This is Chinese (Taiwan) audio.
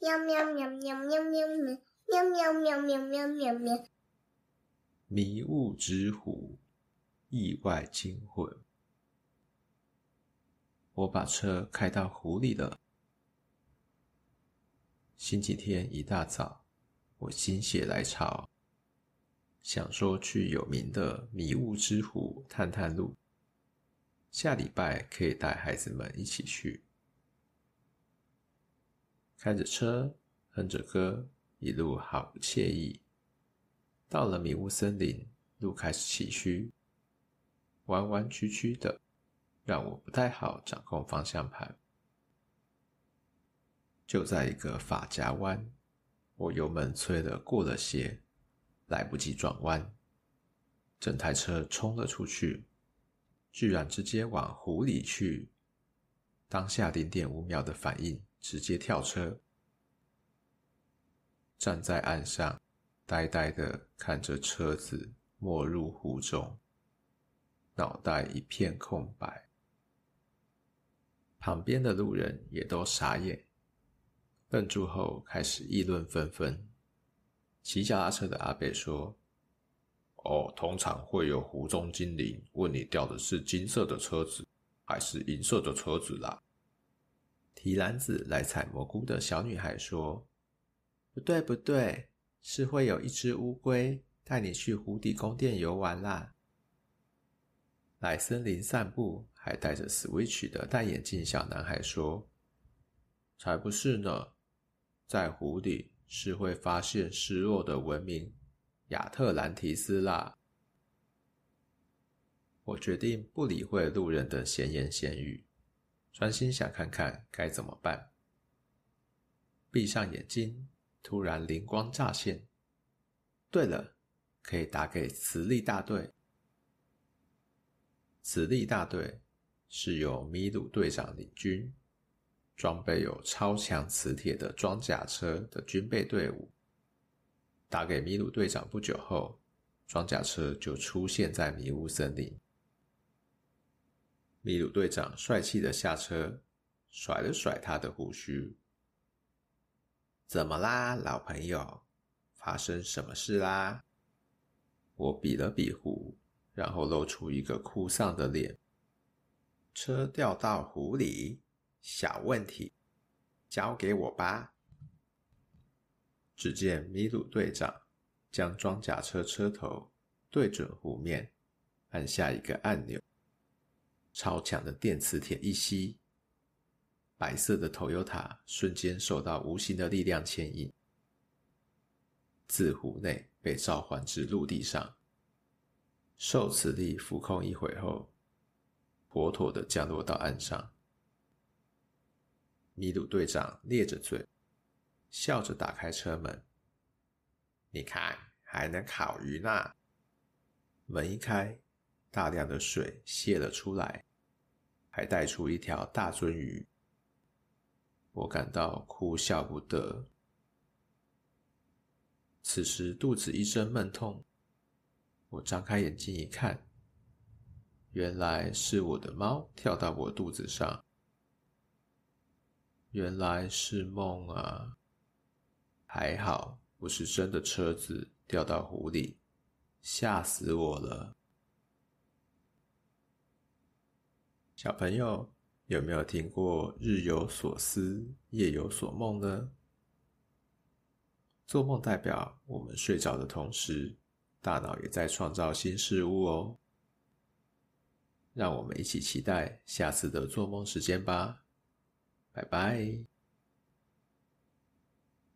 喵喵喵喵喵喵喵，喵喵喵喵喵喵喵喵喵喵喵喵。迷霧之湖，意外驚魂。我把車開到湖裡了。星期天一大早，我心血來潮，想說去有名的迷霧之湖探探路。下禮拜可以帶孩子們一起去。開着車，哼着歌，一路好不愜意。到了迷霧森林，路開始崎嶇，彎彎曲曲的，讓我不太好掌控方向盤。就在一個髮夾彎，我油門催得過了些，來不及轉彎，整台車衝了出去，居然直接往湖裡去。當下零點五秒的反應。直接跳車，站在岸上，呆呆的看着車子沒入湖中，腦袋一片空白。旁邊的路人也都傻眼，愣住後開始議論紛紛。騎腳踏車的阿伯說：“哦，通常會有湖中精靈問你，掉的是金色的車子還是銀色的車子啦。”提籃子來採蘑菇的小女孩說：“不對，不對，是會有一隻烏龜帶你去湖底宮殿遊玩啦。”來森林散步還戴着 Switch 的戴眼鏡小男孩說：“才不是呢，在湖底是會發現失落的文明——亞特蘭提斯啦。”我決定不理會路人的閒言閒語。專心想看看該怎麼辦，閉上眼睛，突然靈光乍現。對了，可以打給磁力大隊。磁力大隊是由米魯隊長領軍，裝備有超強磁鐵的裝甲車的軍備隊伍。打給米魯隊長不久後，裝甲車就出現在迷霧森林。米魯隊長帥氣的下車，甩了甩他的鬍鬚。“怎麼啦，老朋友？發生什麼事啦？”我比了比湖，然後露出一個哭喪的臉。“車掉到湖裡，小問題，交給我吧。”只見米魯隊長將裝甲車車頭對準湖面，按下一個按鈕。超強的電磁鐵一吸，白色的 Toyota 瞬間受到無形的力量牽引，自湖內被召喚至陸地上，受此力浮空一會後，妥妥的降落到岸上。米魯隊長咧着嘴，笑着打開車門：“你看，還能烤魚呢。”門一開，大量的水泄了出來。還帶出一條大鱒魚，我感到哭笑不得。此時肚子一聲悶痛，我張開眼睛一看，原來是我的貓跳到我肚子上。原來是夢啊，還好不是真的，車子掉到湖裡，嚇死我了。小朋友，有沒有聽過“日有所思，夜有所夢”呢？做夢代表我們睡着的同時，大腦也在創造新事物哦！讓我們一起期待下次的做夢時間吧！拜拜！